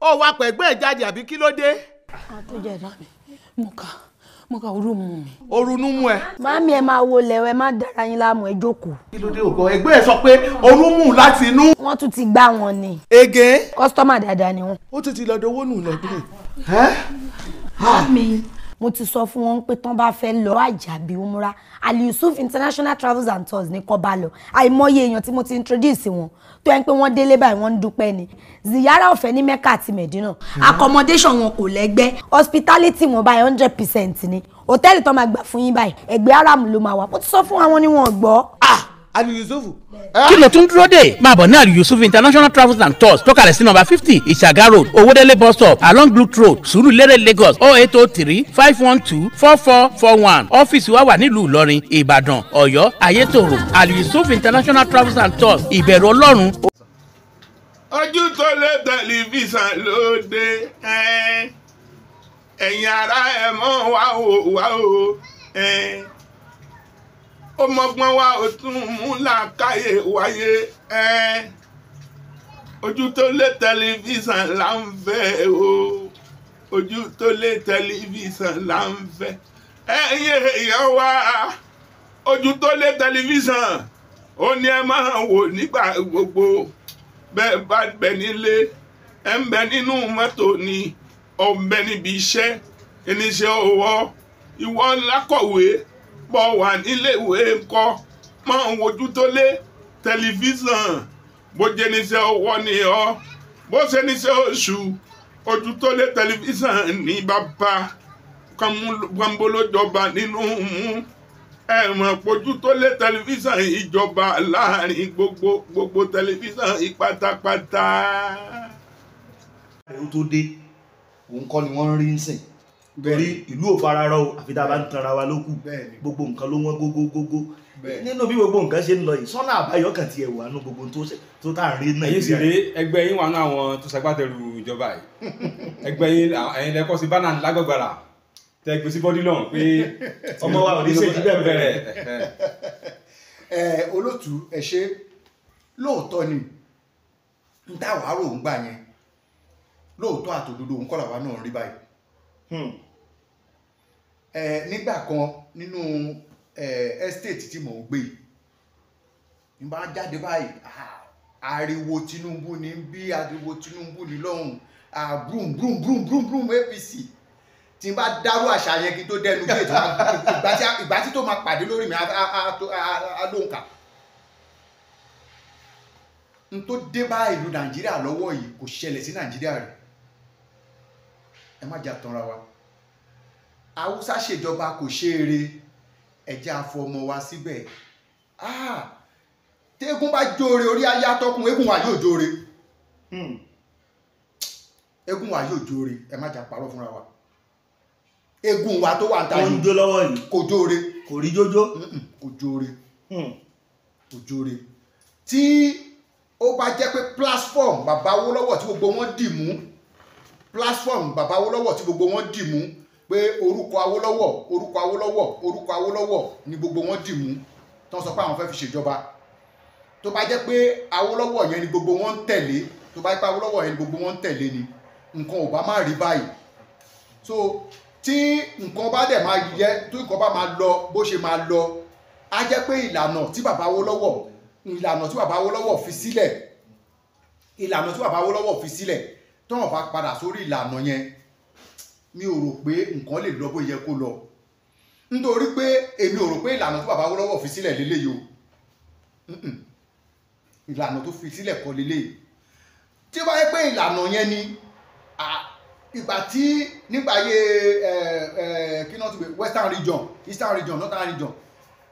ó wá pẹ̀gbẹ́ ẹ̀ jáde àbí kí ló dé. àtúnjẹ náà mo kà mo kà orú mu mi. orunú mu ẹ. màámi ẹ máa wo lẹ́wọ̀ ẹ má dára yín láàmú ẹ jókòó. kí ló dé ògbọ́ ẹgbẹ́ ẹ sọ pé orú mú láti inú. wọ́n tún ti gbá wọn ni. ege. kọ́sítọ́mà dáadáa ni wọn. ó tún ti lọ dowó nù lọ́dún. ẹ́ mi mo ti sọ fún wọn pé tán bá fẹ́ lọ àjàbí umra ali yusuf international travels and tours ní kọ́ba lọ àìmọye èèyàn tí mo ti introduce wọn tó yẹn pé wọ́n délé báyìí wọ́n ń dúpẹ́ ni ziyara ọ̀fẹ́ ní mecca àti medina hmm. accommodation wọn kò lẹ́gbẹ́ hospitality wọn báyìí hundred percent ni hòtẹ́ẹ̀lì tó máa gbà fún yín báyìí ẹ̀gbẹ́ aram ló máa wà mo ti sọ fún wọn ni wọn gbọ́. ah Aliyu Yusufu. kí ló tún dúró dé máa bọ̀ ní Aliyu international travels and tours tọ́kalẹ̀ sí nọ́mbà fifty ìṣàgá road owódélé bus stop along blue road sùúrùlérè lagos oh eight oh three five one two four four four one ọ́fíìsì wa wà nílùú ìlọrin ìbàdàn ọ̀yọ́ ayétòrò Aliyu Yusufu international travels and tours ìbẹ̀rù ọlọ́run. ojú tó lé tẹlifíṣàn lóde ẹ̀yin ará ẹ̀ mọ́ wá o wá o ó mọgbọ́n wá ó tún mú làákàyè wáyé ojú tó lé tẹlifíṣàn là ń fẹ́ o ojú tó lé tẹlifíṣàn là ń fẹ́ ẹ̀yin èèyàn wá ojú tó lé tẹlifíṣàn ó ní ẹ máa wò nígbà gbogbo bẹ́ẹ̀ bá bẹ nílé ẹ ń bẹ nínú mọ́tò ni ọ̀bẹ níbi iṣẹ́ ẹni ṣe ọwọ́ ìwọ ńlá kọ̀wé mo wà níléèwé ńkọ́ mo ń wojú tó lé tẹlifíṣàn bó jẹ́ níṣẹ́ ọwọ́ ni ọ́ bó ṣe níṣẹ́ oṣù ojú tó lé tẹlifíṣàn ní bàbá kọ́ńbólójọba nínú mú ẹ mọ̀ pojú tó lé tẹlifíṣàn ìjọba láàrin gbogbo gbogbo tẹlifíṣàn ìpátápátá. ẹ̀rù tó dé òun kọ́ ni wọ́n ń rí ń sìn. torí ìlú ò fararọ àfi gbogbo nǹkan ló wọ́n gógógógó nínú bí gbogbo nǹkan ṣe ń lọ yìí sọ́nà àbáyọ kan ti ẹ̀wà nú gbogbo tó tá à ń rí náà. èyí sì rí ẹgbẹ́ yín wà ní àwọn tó ṣagbátẹrù ìjọba yìí ẹgbẹ́ yín ẹ̀yin lẹ́kọ́ sí bánà lágbàgbàrà tẹ gbé sí bọ́dí lọ́hùn pé ọmọ wa ò ní ṣe bẹ̀rẹ̀. ẹ olótú ẹ ṣe lóòótọ́ ni n nígbà kan nínú estate tí mò ń gbé ní bá jáde báyìí ariwo Tinubu ní bí ariwo Tinubu ní lọ́hùn brum brum brum brum brum APC tí n bá dárú àṣà yẹn kí n tó dẹnu bí ètò ìgbà tí tó máa pàdé lórí mi alóǹkà n tó dé bá ìlú Nàìjíríà lọ́wọ́ yìí kò ṣẹlẹ̀ sí Nàìjíríà rẹ̀ ẹ má jà tanra wa haúsá ṣèjọba kò ṣe é re ẹ̀jẹ̀ àfọmọ wa síbẹ̀ ah! tẹ́gùn bá jóore orí aya tọkùn eégún wa yóò jóore hmm. eégún wa yóò jóore ẹ má jà parọ́ fúnra wa eégún wa tó wà ń ta yìí kò jóore kò rí jójó kò jóore hmm. kò jóore tí ó bá jẹ́ pé platform bàbá Awólọ́wọ̀ tí gbogbo wọn dì mú platform bàbá Awólọ́wọ̀ tí gbogbo wọn dì mú pé orúkọ Awólọ́wọ̀ orúkọ Awólọ́wọ̀ orúkọ Awólọ́wọ̀ ni gbogbo wọn dì mú tán sọ pé àwọn fẹ́ fi ṣèjọba tó bá jẹ́ pé Awólọ́wọ̀ yẹn ni gbogbo wọn ń tẹ̀lé tó bá jẹ́ pé Awólọ́wọ̀ yẹn ni gbogbo wọn ń tẹ̀lé ni nǹkan ò bá má rí báyìí so tí nǹkan bá dẹ̀ máa yẹ tó nǹkan bá máa lọ bó ṣe máa lọ á jẹ́ pé ìlànà tí bàbá Awólọ́wọ̀ ìlànà tí bàbá Awólọ́wọ̀ fi sílẹ̀ ìlànà tí bàbá Awólọ́wọ̀ fi sílẹ̀ tọ́wọ́n bá padà sórí ìlànà yẹn mi ò rò pé nǹkan lè lọ bó yẹ kó lọ nítorí pé èmi ò rò pé ìlànà tó bàbá Awólọ́wọ̀ fi sílẹ̀ lélẹ́yìí o ìlànà tó fi sílẹ̀ kọ́ lélẹ́yìí tí ó yẹ pé ìlànà yẹn ni ìgbà tí nígbà ayé kí náà ti pè western region eastern region northern region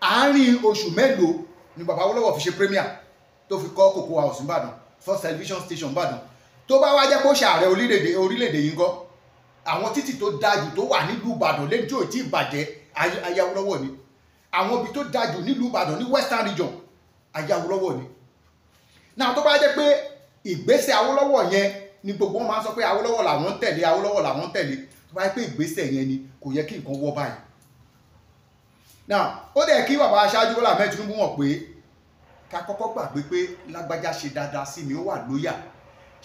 àárín oṣù mélòó ni bàbá Awólọ́wọ̀ fi ṣe premier tó fi kọ́ Cocoa House nìbàdàn first television station nìbàdàn tó bá wá jẹ́ kó ṣààrẹ orílẹ̀-èdè yìí ń kọ́ àwọn títì tó dájú tó wà nílùú ìbàdàn lẹ́yìn tí ò tí ì bàjẹ́ ayáwúrọ́wọ́ ni àwọn ibi tó dájú nílùú ìbàdàn ní western region ayáwúrọ́wọ́ ni náà tó bá jẹ́ pé ìgbésẹ̀ awólọ́wọ̀ yẹn ni gbogbo wọn máa ń sọ pé awólọ́wọ̀ làwọn ń tẹ̀lé awólọ́wọ̀ làwọn ń tẹ̀lé tó bá jẹ́ pé ìgbésẹ̀ yẹn ni kò yẹ kí nǹkan wọ́ báyìí náà ó dẹ̀ kí bàbá aṣáájú Bọ́lá Ahmed Tinubu mọ̀ pé ká kọ́kọ́ gbàgbé pé lágbájá ṣe dáadáa sí mi ó wà lóyà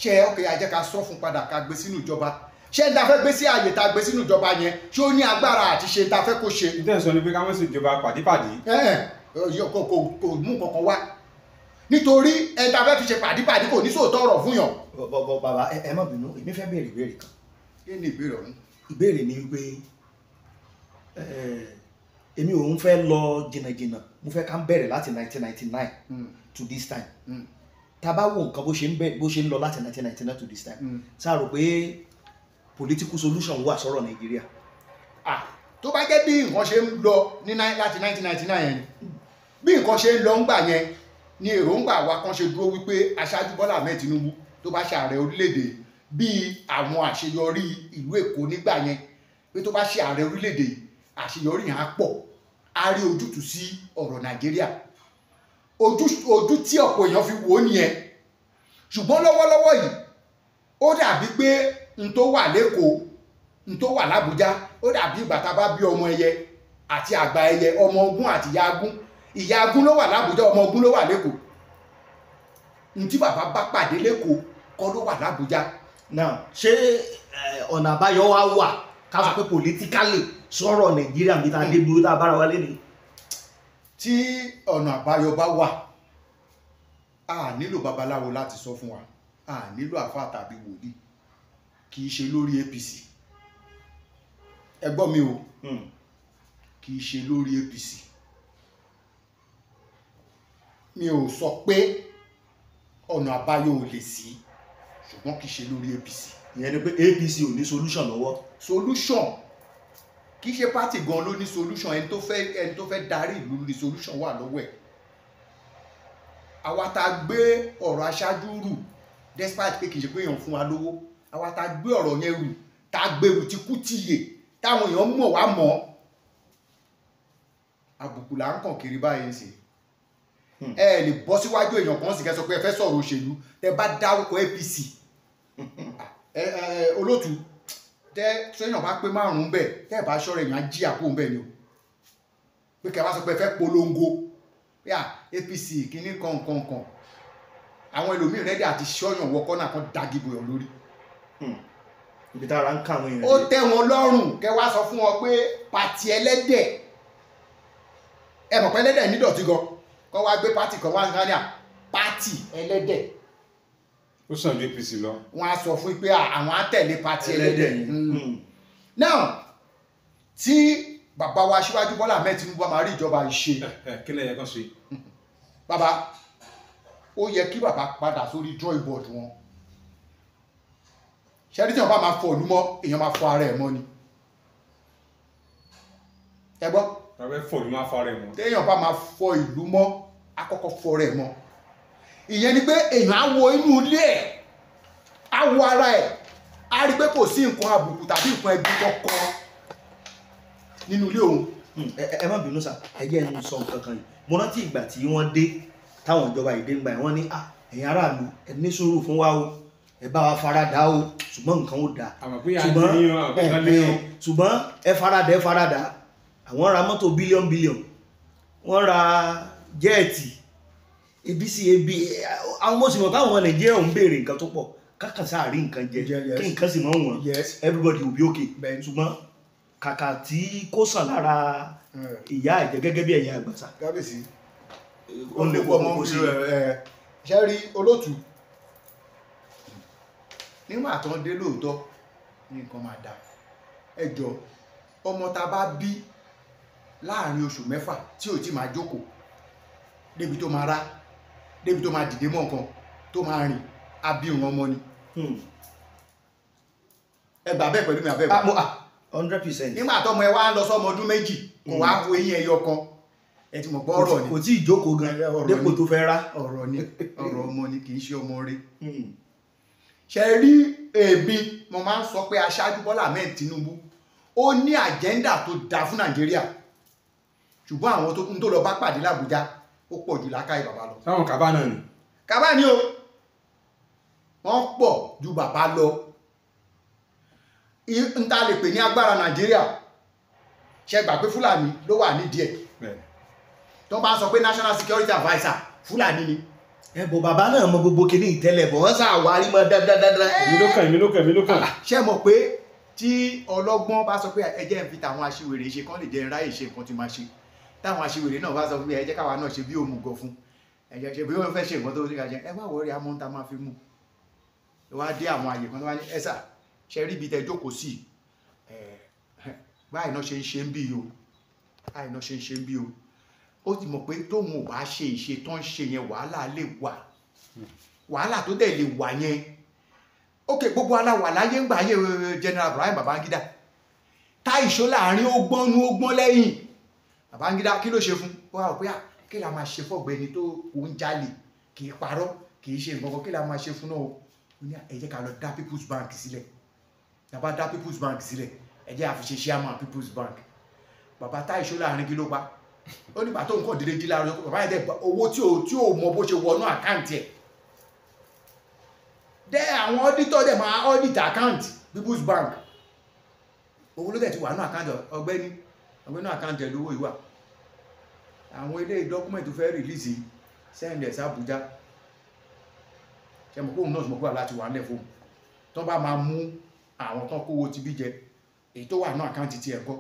ṣe ọkẹ́ ajẹ́ ká sọ fún padà ká gbé sínú ìjọba ṣé n ta fẹ́ gbé sí ààyè ta gbé sínú ìjọba yẹn ṣé ó ní agbára àti ṣe n ta fẹ́ kó ṣe. ìtẹ́ sọ ni pé káwọn sì ìjọba pàdípàdí. kò kò mú kankan wá nítorí ẹ ta fẹ́ fi ṣe pàdípàdí kò ní sòótọ́ ọ̀rọ̀ fún yàn. bọ̀bọ̀ bàbá ẹ má bínú èmi fẹ́ béèrè ìbéèrè kan. kí ni ìbéèrè ọ̀hún. ìbéèrè ni wípé èmi ò fẹ́ lọ jìnnàjìnnà mo fẹ́ ká ń bẹ̀rẹ̀ láti 1999 hmm. to this time hmm. tá a bá wo nǹkan bó ṣe ń lọ láti 1999 to this time sáà hmm. rò pé political solution wà sọ̀rọ̀ nàìjíríà. tó bá jẹ́ bí nǹkan ṣe ń lọ láti 1999 yẹn bí nǹkan ṣe ń lọ ń gbà yẹn ni èròǹgbà wa kan ṣe dúró wípé aṣáájú bọ́lá ahmed tinubu tó bá ṣààrẹ orílẹ̀-èdè bíi àwọn àṣeyọrí ìlú èkó nígbà yẹn pé tó bá ṣe ààrẹ orílẹ̀-èdè àṣeyọrí yẹn á pọ̀ á rí ojútùú sí ọ̀rọ̀ nàìjíríà ojú tí ọ̀pọ̀ èèyàn fi wò ó nìyẹn ṣùgbọ́n lọ́wọ́lọ́wọ́ yìí ó dàbí pé n tó wà lẹ́kọ̀ọ́ n tó wà lábújá ó dàbí ìgbà tá a bá bí ọmọ ẹyẹ àti àgbà ẹyẹ ọmọ ogun àti ìyá agún ìyá agún ló wà lábújá ọmọ ogun ló wà lẹ́kọ̀ọ́ n bàbá bá pàdé lẹ́kọ̀ọ́ kọ́ ló wà lábújá. now ṣé eh, ọ̀nà àbáyọ wa wà ká sọ pé politically sọ̀rọ̀ nàìjíríà bí tá a dé dúró tá a bára wa lẹ́nu. tí ọ̀nà àbáyọ bá wà a nílò babaláwo láti sọ fún wa a nílò àfa tàbí wòlíì kì í ṣe lórí APC ẹ gbọ́ mi o hmm. kì í ṣe lórí APC mi ò sọ pé ọ̀nà àbáyọ ò lè sí ṣùgbọ́n kì í ṣe lórí APC. ìyẹn ni pé APC ò ní solution lọ́wọ́. solution kì í ṣe party gan ló ní solution ẹni tó fẹ́ ẹni tó fẹ́ darí ìlú ní solution wà lọ́wọ́ ẹ̀ àwa tá a gbé ọ̀rọ̀ aṣáájú rù despite pé kì í ṣe pé èèyàn fún wa lówó àwa tá a gbé ọ̀rọ̀ yẹn rù tá a gbèrú ti kú ti yè táwọn èèyàn mọ̀ wá mọ̀ àbùkù là ń kàn kiri báyìí ń sìn hmm. ẹ lè bọ́ síwájú èèyàn kan sì kẹ́ sọ pé ẹ fẹ́ sọ̀rọ̀ òṣèlú tẹ bá dárúkọ APC olótú tẹ sẹ́yìn bá pé márùn-ún bẹ́ẹ̀ tẹ́ ẹ bá ṣọ́ra èèyàn á jí àpò bẹ́ẹ̀ ni o pé kẹ́ ẹ bá sọ pé ẹ fẹ́ polongo pé à APC kìíní kan kan kan àwọn ẹlòmíràn rẹ́dí àti ṣọ́yàn wọ kọ́nà kan dagibo yàn lórí Hmm. ibi tára ń kàwọn èèyàn. ó tẹ́ wọn lọ́rùn kẹ́ wá sọ fún wọn pé pàtì ẹlẹ́dẹ̀ ẹ mọ̀ pé ẹlẹ́dẹ̀ nídọ̀tí gan kọ́ wá gbé pàtì kan wá ń kánìà pàtì ẹlẹ́dẹ̀. ó sàn ju APC lọ. wọn á sọ fún pé àwọn á tẹ̀lé pàtì ẹlẹ́dẹ̀ yìí. Hmm. Hmm. now tí bàbá wa aṣíwájú Bọ́lá Ahmed Tinubu máa rí ìjọba ṣe. Eh, eh, kí lè yẹ kán ṣe. bàbá ó yẹ kí bàbá padà sórí drawing board wọn ṣẹ́rí tí wọ́n bá máa fọ òlú mọ́ èèyàn máa fọ ara ẹ̀ mọ́ ni ẹ gbọ́. tàbí fọ òlú máa fọ ara ẹ̀ mọ́. téèyàn bá máa fọ ìlú mọ́ àkọ́kọ́ fọ rẹ̀ mọ́ ìyẹn ni pé èèyàn á wo inú ilé ẹ̀ á wo ara ẹ̀ á rí pé kò sí nǹkan àbùkù tàbí nǹkan ẹgbẹ́ kankan nínú ilé òun. Hmm, ẹ má bínú sá ẹ jẹ́ ẹnu sọ nǹkan kan yìí mo rántí ìgbà tí wọ́n dé táwọn ìjọba ìdè ń gbà yẹn wọ́n ní ah, ẹ̀yin aráàlú ẹ ní sùúrù fún wa o ẹ bá wa farada o ṣùgbọ́n nǹkan ó da ṣùgbọ́n ẹ farada ẹ farada àwọn ra mọ́tò bílíọ̀n bílíọ̀n wọ́n ra jẹ́ẹ̀tì ebi sí ebi àwọn mọ̀símọ̀ káwọn nàìjíríà ń béèrè nǹkan tó pọ̀ kákan sáà nǹkan jẹ kí nǹkan sì mọ̀ wọ́n everybody will be okay ṣùgbọ́n kàkà tí kò sàn lára ìyá ẹ̀jẹ̀ gẹ́gẹ́ bí ẹ̀yà àgbàsà. kábíyèsí ó lè wọ́n mọ́ bí olótùú nígbà tó ń dé lóòótọ́ ní nǹkan máa dà ẹ jọ ọmọ tá a bá bí láàrin oṣù mẹ́fà tí ò ti máa jókòó débi tó máa rá débi tó máa dìde mọ́ nǹkan tó máa rìn abí òun ọmọ ni hmm. ẹ gbà bẹ́ẹ̀ pẹ̀lú mi àbẹ́ bá ah, ah, hundred percent. nígbà tọmọ ẹ wá ń lọ sọmọ ọdún méjì kò wá hmm. wo eyín ẹyọ kan ẹ ti mọ̀ pé ọ̀rọ̀ ni kò tí ì jókòó gan dépò tó fẹ́ rá ọ̀rọ̀ ni ọ̀rọ̀ ọmọ ni kì í ṣe ọmọ rẹ̀. Hmm ṣe rí èmi mo máa ń sọ pé aṣáájú Bọ́lá Ahmed Tinubu ó ní àjẹ́ndà tó dáa fún Nàìjíríà ṣùgbọ́n àwọn tó ń tó lọ bá pàdé làbújá ó pọ̀ jù lákàyè bàbá lọ. táwọn kaba náà ni. kaba ni o wọ́n pọ̀ ju bàbá lọ n ta lè pè ní agbára Nàìjíríà ṣe gbà pé Fúlàní ló wà nídìí ẹ̀ tó bá sọ pé national security adviser Fúlàní ni ẹ bò bàbá náà mọ gbogbo kìíní ìtẹ́lẹ̀ bọ̀ wọ́n ṣàwárí mọ dáadáa. èmi ló kàn èmi ló kàn èmi ló kàn. Ah, ṣé mọ̀ pé tí ọlọ́gbọ́n bá sọ pé ẹ jẹ́ ń fi tàwọn aṣiwèrè ṣe kán lè jẹ́ ń ráyè ṣe nǹkan tí máa ṣe táwọn aṣiwèrè náà bá sọ pé ẹ jẹ́ káwa náà ṣe bí òmùgọ̀ fún ẹ jẹ́ ṣe bí wọ́n fẹ́ ṣe nǹkan tó ń ṣe ẹ wá wọrí amóhùntà máa fi mú wá dé àwọn àyè kan tó wá ní ẹ̀sà ṣe rí ibi tẹ́ jókòó sí báyìí náà ṣe ń ṣe ń bí o báyìí náà ṣe ń ṣe ń bí o ó ti mọ̀ pé tóun ò bá ṣe ìṣe tó ń ṣe yẹn wàhálà lè wà wàhálà tó dẹ̀ lè wà yẹn ok gbogbo aláwà láyé ń gbà ayé eh, eh, eh, General Ibrahim Babangida ta ìṣó láàrin ó gbọ́n nu ó gbọ́n lẹ́yìn Babangida kí ló ṣe fún wa ò pé à ah, kí la máa ṣe fọ́gbẹ́ni tó kò ń jalè kì í parọ́ kì í ṣe nǹkan kan kí la máa ṣe fún náà o ní ẹ jẹ́ ká lọ dá People's Bank sílẹ̀ bàbá dá People's Bank sílẹ̀ ẹ jẹ́ àfiṣe chairman People's Bank bàbá ta ìṣó láàrin kí ló pa ó nígbà tó nǹkan dédé dílé arọ bàbá yẹn dẹ owó tí ò tí ò mọ bó ṣe wọnú àkáǹtì ẹ̀ dẹ àwọn ọ́dítọ̀ dẹ̀ máa audit account People's Bank owó ló dẹ̀ ti wà nú àkáǹtì ọgbẹ́ni ọgbẹ́ni àkáǹtì ẹ̀ ìwà àwọn ilé document tó fẹ́ release send ẹ̀ sábùjá ṣe mọ̀ pé òun náà ṣùgbọ́n gbà láti wà nílẹ̀ fóun tó bá máa mú àwọn tán kówó ti bí jẹ èyí tó wà nú àkáǹtì tiẹ̀ kọ́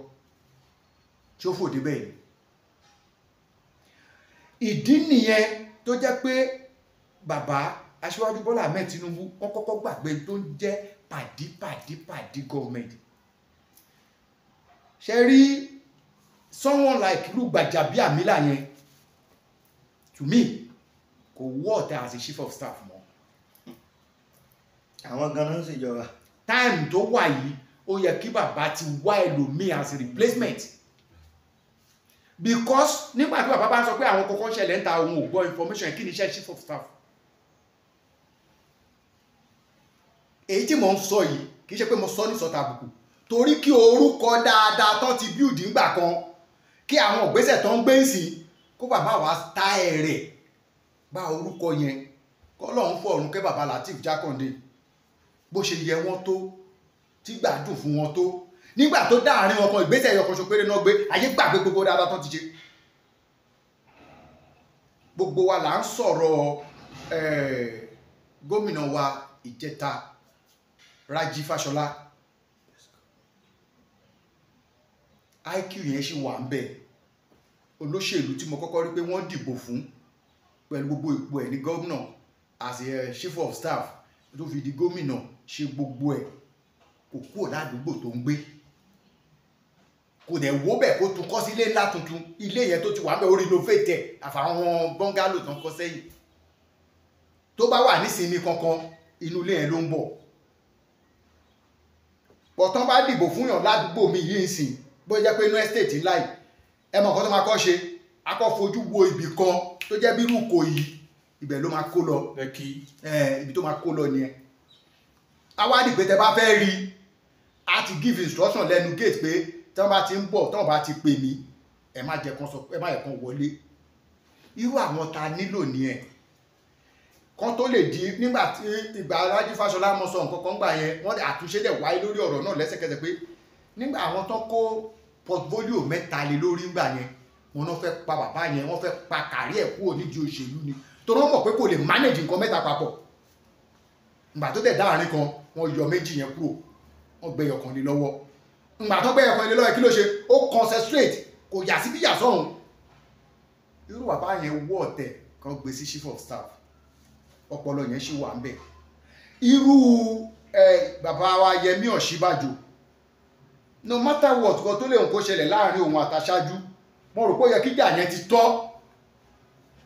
tí ó fòdé ìdí nìyẹn tó jẹ́ pé bàbá aṣíwájú bọ́lá ahmed tinubu wọ́n kọ́kọ́ gbàgbé tó ń jẹ́ pàdípàdípàdí gọ́ọ̀mẹ̀ntì ṣe rí someone like Gbajabiamila yẹn to me kò wọ́ ọ̀tá as a chief of staff mọ́. àwọn ganan ń ṣèjọba. táìmù tó wà yìí ó yẹ kí bàbá ti wá ẹlòmíì as a replacement. Mm -hmm because nígbà tí bàbá bá sọ pé àwọn kọ̀ọ̀kan ṣẹlẹ̀ ń ta òun ò gbọ́ information kí ni iṣẹ́ chief of staff èyí tí mò ń sọ yìí kì í ṣe pé mo sọ ní sọta àbùkù torí kí orúkọ dáadáa tó ti build ńgbà kan kí àwọn ògbésẹ̀ tó ń gbé ń sìn kó bàbá wa ta ẹ̀rẹ̀ bá orúkọ yẹn kọ́lọ́hún fọ ọ̀run kẹ́ bàbá Lateef Jákàndé bó ṣe yẹ wọ́n tó tí gbádùn fún wọn tó nígbà tó dá àárín ọkàn ìgbésẹ̀ ẹyọ kan ṣo péré náà gbé ayé gbàgbé gbogbo dáadáa tán ti ṣe gbogbo wa là ń sọ̀rọ̀ gómìnà wa ìjẹta Rájí Fáṣọlá IQ yẹn ṣì wà ń bẹ olóṣèlú tí mo kọ́kọ́ rí pé wọ́n dìbò fún pẹ̀lú gbogbo ipò ẹ̀ ní gómìnà as a eh, chief of staff tó fi di gómìnà ṣe gbogbo ẹ̀ kò kúrò ládùúgbò tó ń gbé kò dẹ̀ wó bẹ̀ kó tún kọ́ sí ilé ńlá tuntun ilé yẹn tó ti wà ń bẹ̀ ó renovate ẹ̀ àfàwọn bọ́ngálò tán kọ́ sẹ́yìn tó bá wà nísìnyí kankan inú ilé yẹn ló ń bọ̀ bọ̀tán bá dìbò fún yàn ládùúgbò mi yìí nsìn bó jẹ́ pé inú estate ńlá yìí ẹ mọ̀ nǹkan tó máa kọ́ ṣe akọ́ fojú wo ibì kan tó jẹ́ bí rúkọ yìí ibẹ̀ ló máa kó lọ ibi tó máa kó lọ nìyẹn awádìí pé tẹ bá fẹ́ rí a ti give instruction lẹ́nu gate pé tí wọ́n bá ti ń bọ̀ tí wọ́n bá ti pè mí ẹ má jẹ́ kán sọ ẹ má yẹ kán wọlé irú àwọn tá nílò nìyẹn kan tó lè di nígbà tí ìgbà Rájí Fáṣọlá mọ sọ nǹkan kan gbà yẹn wọ́n àtúnṣe dẹ̀ wáyé lórí ọ̀rọ̀ náà lẹ́sẹ̀kẹsẹ̀ pé nígbà àwọn tó kó portfolio mẹ́ta lé lórí ńgbà yẹn wọn náà fẹ́ pa bàbá yẹn wọ́n fẹ́ pa kárí ẹ̀ kúrò nídìí òṣèlú ni torí wọ́n mọ̀ pé kò lè manage nǹkan mẹ́ta papọ̀ ìgbà tó dẹ̀ dáàrin kan wọ́n yọ méjì yẹn kúrò wọ́n gbẹ̀yọ̀ kan lé ìgbà tó gbé ẹ̀kọ́ ilé lọ́yẹ̀ kí ló ṣe ó concentrate kò yà sí bí yà sọ́hun irú bàbá yẹn wọ́ ọ̀tẹ̀ kan gbé sí chief of staff ọpọlọ yẹn ṣì wà ń bẹ̀ irú bàbá wa Yẹmí Ọ̀ṣínbàjò no matter what kan tó lè nǹkó ṣẹlẹ̀ láàrin òun àtàṣáájú mo rò pé ó yẹ kíjà yẹn ti tọ́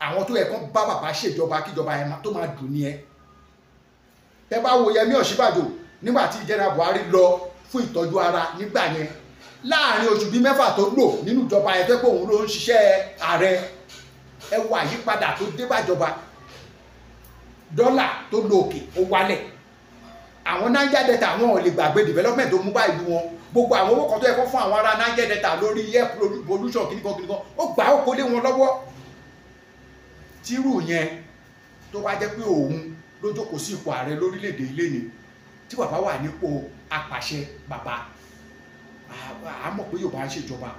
àwọn tó yẹ kán bá bàbá ṣèjọba kíjọba yẹn tó máa dùn ní ẹ tẹ bá wo Yẹmí Ọ̀ṣínbàjò nígbà tí general Buhari lọ fún ìtọ́jú ara nígbà yẹn láàrin oṣù bíi mẹ́fà tó lò nínú ìjọba yẹn fẹ́ pé òun ló ń ṣiṣẹ́ ààrẹ ẹ wo àyípadà tó dé bàjọba dọ́là tó lọ òkè ó wálẹ̀ àwọn niger delta àwọn ò lè gbàgbé development tó mú bá ìlú wọn gbogbo àwọn owó kan tó yẹ kó fún àwọn ará niger delta lórí air pollution kìnnìkan kìnnìkan ó gbà ó kó lé wọn lọ́wọ́ tírù yẹn tó wá jẹ́ pé òun ló jókòó sí ipò ààrẹ lórílẹ̀‐èdè ilé ni tí bàbá wà nípò apàṣẹ bàbá a mọ̀ pé Yorùbá ń ṣèjọba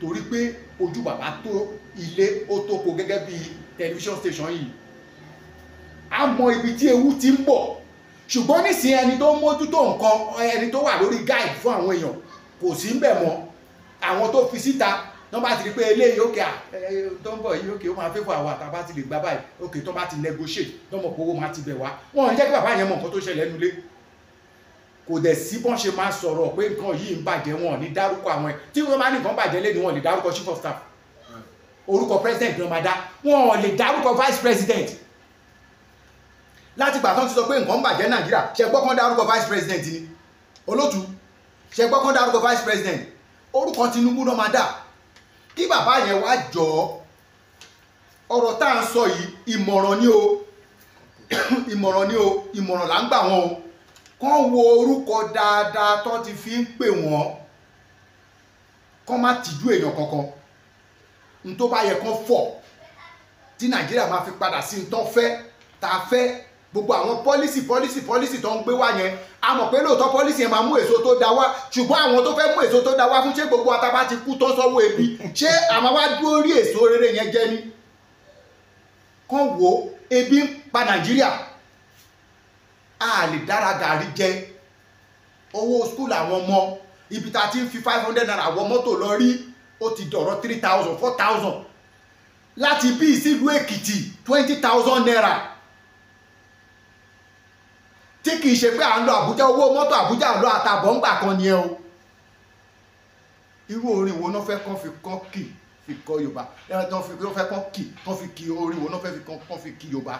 torí pé ojú bàbá tó ilé ó tó ko gẹ́gẹ́ bí tẹlifíṣọ̀n station yìí a mọ ibi tí ewu ti ń bọ̀ ṣùgbọ́n nísìnyí ẹni tó ń mójútó nǹkan ẹni tó wà lórí guide fún àwọn èèyàn kò sí ń bẹ̀ mọ́ àwọn tó fi síta tó bá ti rí pé eléyìí òkè à tó ń bọ̀ yìí òkè ó máa fẹ́ fún àwọn àtàbá ti lè gbá báyìí òkè tó bá ti negotiate tó mọ̀ pé owó máa ti bẹ̀ wá wọn ò ní jẹ́ kí bàbá yẹn mọ̀ nǹkan tó ṣẹlẹ̀ nulẹ̀ kò dẹ̀ sí bọ́n ṣe máa sọ̀rọ̀ pé nǹkan yìí ń bàjẹ́ wọn ní dárúkọ àwọn ẹ̀ tí wọ́n bá ní nǹkan bàjẹ́ lẹ́nu wọn lè dárúkọ chief of staff orúkọ president ni wọ́n máa dá wọn lè dárúkọ vice president láti gbà tán ti sọ pé nǹkan bàjẹ́ nàìjíríà ṣe gbọ́ kán dárúkọ vice president ni olótú ṣe gbọ́ dárúkọ vice president orúkọ tinubu náà máa dà kí bàbá yẹn wá jọ ọ̀rọ̀ tá à ń sọ yìí ìmọ̀ràn ni o ìmọ̀ràn ni o ìmọ̀ràn là ń gbà wọn o kán wo orúkọ dáadáa tó ti fi ń pè wọ́n kán má tìjú èèyàn kankan n tó bá yẹ kán fọ̀ tí nàìjíríà máa fi padà sí ntọ́ fẹ́ tá a fẹ́ gbogbo àwọn pọ́lísì pọ́lísì pọ́lísì tó ń gbé wá yẹn a mọ̀ pé lóòótọ́ pọ́lísì yẹn máa mú èso tó da wá ṣùgbọ́n àwọn tó fẹ́ mú èso tó da wá fún ṣé gbogbo ataba ti kú tó sọ́wọ́ ebi ṣé àmọ́ wá dúró rí èso rere yẹn jẹ ni kán wo ebi pa nàìjíríà a lè dára gàrí jẹ owó skul àwọn ọmọ ibi tá a ti ń fi five hundred naira wọ mọ́tò lọ rí ó ti dọ̀rọ̀ three thousand four thousand láti bí ìsílùú èkìtì twenty thousand naira tí kì í ṣe pé à ń lọ àbújá owó mọ́tò àbújá ń lọ àtàbọ̀ ń gbà kan nìyẹn o irú orin wo náà fẹ́ kàn fi kàn kì fi kọ yorùbá ẹran tó fẹ́ kàn kì tó fi kì orin wo náà fẹ́ kàn fi kì yorùbá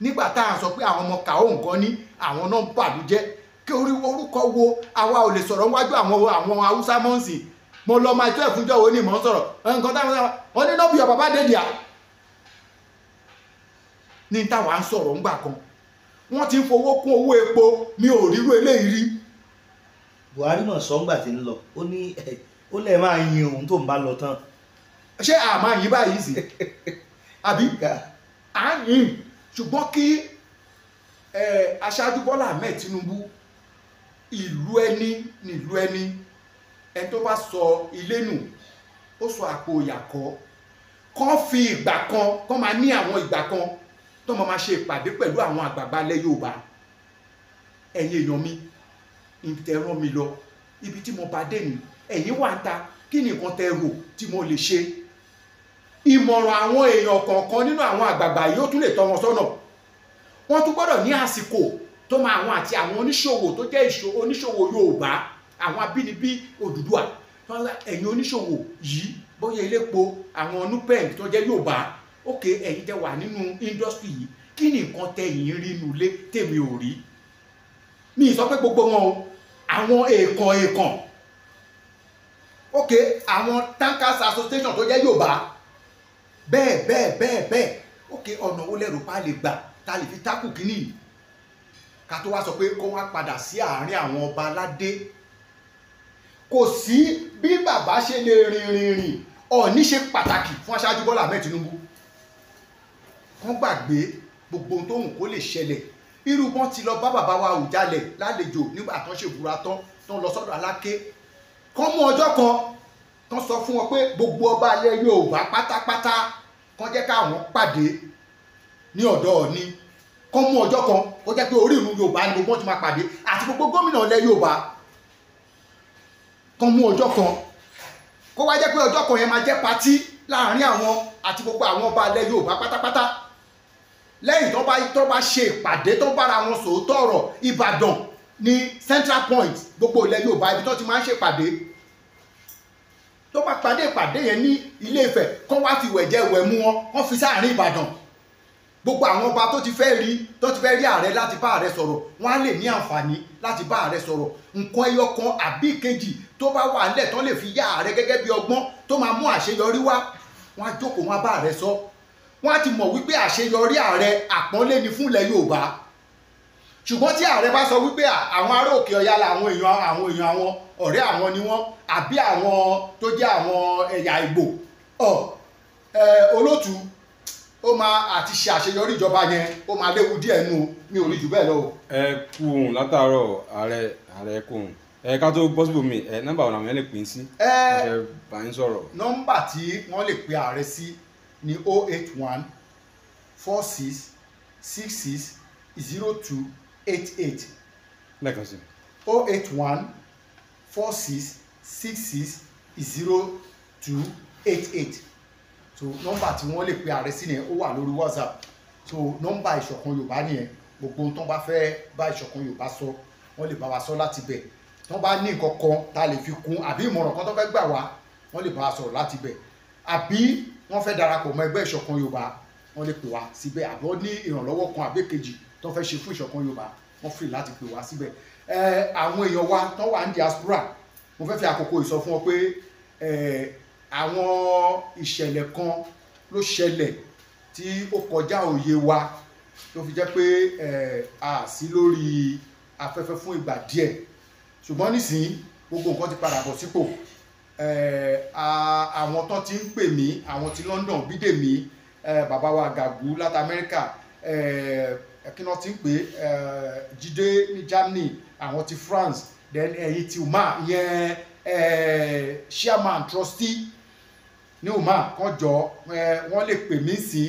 nígbà tá a ń sọ pé àwọn ọmọ kàó nǹkan ní àwọn náà ń bàlújẹ́ kí orí orúkọ wo àwa ò lè sọ̀rọ̀ wájú àwọn àwọn haúsá mọ́ǹsì mo lọ máa tó ẹ̀fúnjọ́ wo ni mò ń sọ̀rọ̀ nǹkan táwọn sábà wọn ní nọ́ọ̀bù yà bàbá dèdìà ní táwa ń sọ̀rọ̀ ńgbà kan wọ́n ti ń fowó kún owó epo mi ò rírú eléyìí rí. Buhari náà sọ ńgbà tí ń lọ ó ní ó lè máa yin òun tó ń bá lọ tán. ṣé àmọ́ yín báyìí sí àbí à ń yìn ṣùgbọ́n kí aṣáájú Bọ́lá Ahmed Tinubu ìlú ẹni nílú ẹni ẹni tó bá sọ ilé nù ó sọ àpò ìyàkọ́ kọ́ fi ìgbà kan kọ́ máa ní àwọn ìgbà kan tó máa ṣe ìpàdé pẹ̀lú àwọn àgbààgbà ilẹ̀ Yorùbá ẹ̀yin èèyàn mi ìtẹ̀ rán mi lọ ibi tí mo bá dé ni ẹ̀yin wà ń ta kí ni nǹkan tẹ́ rò tí mo lè ṣe ìmọ̀ràn àwọn èèyàn kọ̀ọ̀kan nínú àwọn àgbààgbà yóò tún lè tọ́ wọn sọ́nà wọ́n tún gbọ́dọ̀ ní àsìkò tó máa àwọn àti àwọn oníṣòwò tó jẹ́ oníṣòwò Yorùbá àwọn abínibí Odùduwà ẹ̀yin oníṣòwò yìí bóyá ilépo àwọn nupeng tó jẹ́ Yorùbá ókè ẹ̀yin tẹ́ wà nínú indọ́sítì yìí kí ni nǹkan tẹ̀yìn rí inú ilé tèmi ò rí mi sọ pé gbogbo wọn o àwọn èèkàn èèkàn ókè àwọn tankers association tó jẹ́ Yorùbá bẹ́ẹ̀ bẹ́ẹ̀ bẹ́ẹ̀ bẹ́ẹ̀ òkè ọ̀nà owó lẹ́rù pa lè gbà ta lè fi tákù kínní ká tó wá sọ pé kó wá padà sí àárín àwọn ọba aládé kò sí bí bàbá ṣe lè rìn rìn rìn ọ̀ọ́ni ṣe pàtàkì fún aṣáájú Bọ́lá Ahmed Tinubu wọ́n gbàgbé gbogbo ohun tó hùn kó lè ṣẹlẹ̀ irú wọn ti lọ bá bàbá wa Awùjalẹ̀ lálejò nígbà tó ṣèbúra tán tó ń lọ sọ́dọ̀ Aláké kọ́mú ọjọ́ kan tán sọ fún wọn pé gbogbo ọba alẹ́ Yorùbá pátápátá kán jẹ́ káwọn pàdé ní ọ̀dọ̀ Ọọ̀ni kán mú ọjọ́ kan kó jẹ́ pé orí ìlú Yorùbá ni gbogbo wọn ti máa pàdé àti gbogbo gómìnà ilẹ̀ Yorùbá kán mú ọjọ́ kan kó wá jẹ́ pé ọjọ́ kan yẹn máa jẹ́ patí láàrin àwọn àti gbogbo àwọn ọba alẹ́ Yorùbá pátápátá lẹ́yìn tó bá tó bá ṣe ìpàdé tó bára wọn sòótọ́ ọ̀rọ̀ Ìbàdàn ní Central Point gbogbo ilẹ̀ Yorùbá ibi tó ti máa ń ṣèpàdé tó bá pàdé ìpàdé yẹn ní ilé Ifẹ̀ kán wá fi wẹ̀jẹ̀ wẹ̀ mú wọn wọ́n fi sáàrin Ìbàdàn gbogbo àwọn ọba tó ti fẹ́ rí tó ti fẹ́ rí ààrẹ láti bá ààrẹ sọ̀rọ̀ wọ́n á lè ní àǹfààní láti bá ààrẹ sọ̀rọ̀ nǹkan ẹyọ kan àbí ìkejì tó bá wà nílẹ̀ tán lè fi yá ààrẹ gẹ́gẹ́ bí ọgbọ́n tó máa mú àṣeyọrí wá wọ́n á jókòó wọn bá ààrẹ sọ wọ́n á ti mọ̀ wípé àṣeyọrí ààrẹ àpọ́nlé ni fúnlẹ̀ Yorùbá ṣùgbọ́n tí ààrẹ bá sọ wípé àwọn ará òkè ọ̀yà làwọn èèyàn àwọn èèyàn àwọn ọ̀rẹ́ àwọn ni wọ́n àbí àwọn tó jẹ́ àwọn ẹ̀yà ìgbò ọ̀ olótù ó máa àti ṣe àṣeyọrí ìjọba yẹn ó máa léwu díẹ̀ nù mi ò rí jù bẹ́ẹ̀ lọ. ẹ kú un látàárọ̀ ààrẹ ààrẹ kú un ẹ ká tó bọ́sibò mi ẹ nọ́mbà ọ̀nà àwọn yẹn lè pè é sí. ẹ ẹ bá ń sọ̀rọ̀. nọ́mbà tí wọ́n lè pe ààrẹ sí ni 081 46 66 02 eight eight. lẹ́ẹ̀kan sí. o oh eight one four six six six zero two eight eight so nọ́mbà tí wọ́n lè pe ààrẹ sí nìyẹn ó wà lórí whatsapp so nọ́mbà ìṣọ̀kan yorùbá nìyẹn gbogbo ohun tó bá fẹ́ bá ìṣọ̀kan yorùbá sọ wọ́n lè bá wa sọ láti bẹ̀ tó bá ní nǹkan kan tá a lè fi kún àbí ìmọ̀ràn kan tó fẹ́ gbà wá wọ́n lè bá wa sọ̀rọ̀ láti bẹ̀ àbí wọ́n fẹ́ darapọ̀ mọ́ ẹgbẹ́ ìṣọ̀kan yorùbá wọ́n lè pè wá síbẹ̀ àbí wọ́n ní ìrànlọ́wọ́ kan àbí tó fẹ́ ṣe fún ìṣọ̀kan yorùbá wọ́n fi láti pè wá síbẹ̀ àwọn èèyàn wa tó wà ní diaspora mo fẹ́ fi àkókò ìsọ fún ọ pé àwọn ìṣẹ̀lẹ̀ kan ló ṣẹlẹ̀ tí ó kọjá òye wa tó fi jẹ́ pé a sí lórí afẹ́fẹ́ fún ìgbà díẹ̀ ṣùgbọ́n nísìnyí gbogbo nǹkan ti padà bọ̀ sípò àwọn tó ti ń pè mí àwọn ti London Bídèmí bàbá wa Gàgú láti Amẹ́ríkà kí wọ́n ti ń pè é Jídé ní Germany àwọn ti France then ẹ̀yìn ti umar ìyẹn chairman trustee ní umar kan jọ wọ́n lè pè mí sí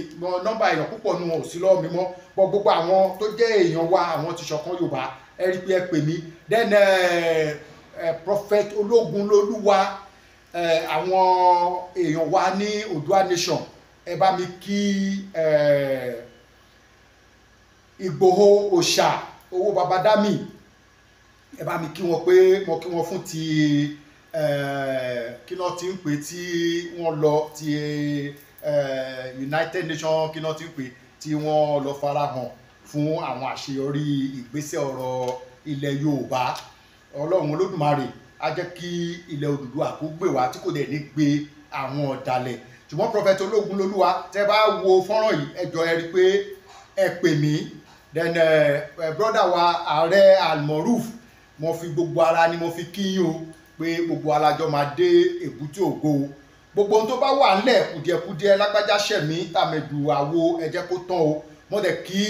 nọ́mbà èèyàn púpọ̀ nu wọn ò sí lọ́wọ́ mi mọ́ bọ́ gbogbo àwọn tó jẹ́ èèyàn wa àwọn ti ṣọ̀kan Yorùbá ẹ rí pé ẹ pè mí then prophet ológun lolúwa àwọn èèyàn wa ní Oòduà nation ẹ bá mi kí. Uh, ìgbòho òòṣà owó babadámì ẹ bá mi kí wọn pé mo kí wọn fún ti kí náà ti ń pè tí wọn lọ ti United Nations kí náà ti ń pè tí wọn lọ farahàn fún àwọn àṣeyọrí ìgbésẹ̀ ọ̀rọ̀ ilẹ̀ Yorùbá Ọlọ́run Olódùmarè á jẹ́ kí ilẹ̀ Odùduwà kó gbè wá tí kò dẹ̀ ní gbé àwọn ọ̀dàlẹ̀ ṣùgbọ́n Prophet Ológunlolúwa tẹ́ bá wo fọ́nrán yìí ẹ jọ̀ọ́ ẹ rí i pé ẹ pè mí then eh, eh, brother wa ààrẹ almoruf mo fi gbogbo ara ni mo fi kíyìn o pé gbogbo alájọ máa dé èbúté ògo o gbogbo ohun tó bá wà ńlẹ̀ kùdìẹ̀kùdìẹ̀ lágbájá ṣẹ̀mí tàmẹ̀dù àwo ẹ̀jẹ̀ kó tán o mo dẹ̀ kí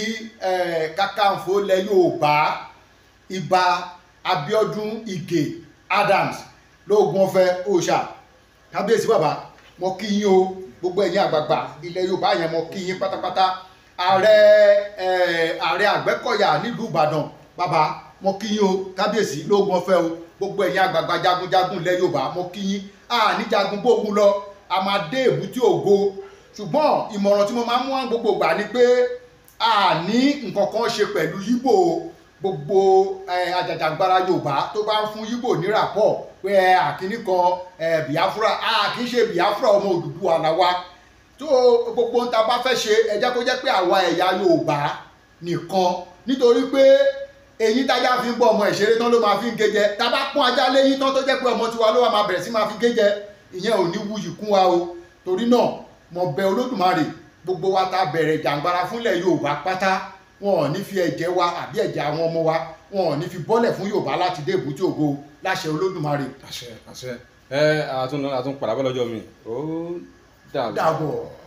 eh, kákàǹfò lẹ Yorùbá Ìbà Abíọ́dún Ìgè Adams lóògùn ọ̀fẹ́ òòṣà kábíyèsí bàbá mo kí yín o gbogbo ẹ̀yin àgbààgbà ilẹ̀ Yorùbá yẹn mo kí pátápátá ààrẹ ààrẹ àgbẹ̀kọ̀yà nílùú ìbàdàn bàbá mo kí yín o kábíyèsí lóògùn ọ̀fẹ́ o gbogbo ẹ̀yin àgbààgbà jagunjagun ilẹ̀ yorùbá mo kí yín àní jagun bógun lọ a máa dé èbúté ògo ṣùgbọ́n ìmọ̀ràn tí mo máa ń mú wá gbogbo gbà ni pé àní nǹkan kan ṣe pẹ̀lú yíbò gbogbo àjàjàgbara yorùbá tó bá ń fún yíbò ní ràpọ̀ pé àkíní kan biafra àkíṣe biafra ọmọ òdùdú àlàwà tó gbogbo ń ta bá fẹ́ ṣe ẹ jẹ́ kó jẹ́ pé àwa ẹ̀yà Yorùbá nìkan nítorí pé èyí tájá fi ń bọ ọmọ ìṣeré tán ló máa fi ń gé jẹ tábà pọ́n ajá léyìn tán tó jẹ́ pé ọmọ tiwa ló wà máa bẹ̀rẹ̀ sí máa fi gé jẹ ìyẹn ò ní wuyì kún wa o torí náà mo bẹ̀ Olódùmarè gbogbo wa ta bẹ̀rẹ̀ jàǹgbara fúnlẹ̀ Yorùbá pátá wọn ò ní fi ẹ̀jẹ̀ wa àbí ẹ̀jẹ̀ àwọn ọmọ wa wọn ò ní fi bọ́lẹ̀ fún Yorùbá láti dé èbúté ògo láṣẹ Olódùmarè. àṣẹ àṣẹ ẹ àtúntò àtúntò pàdánù lọ́jọ́ mi Double. Tá tá Double.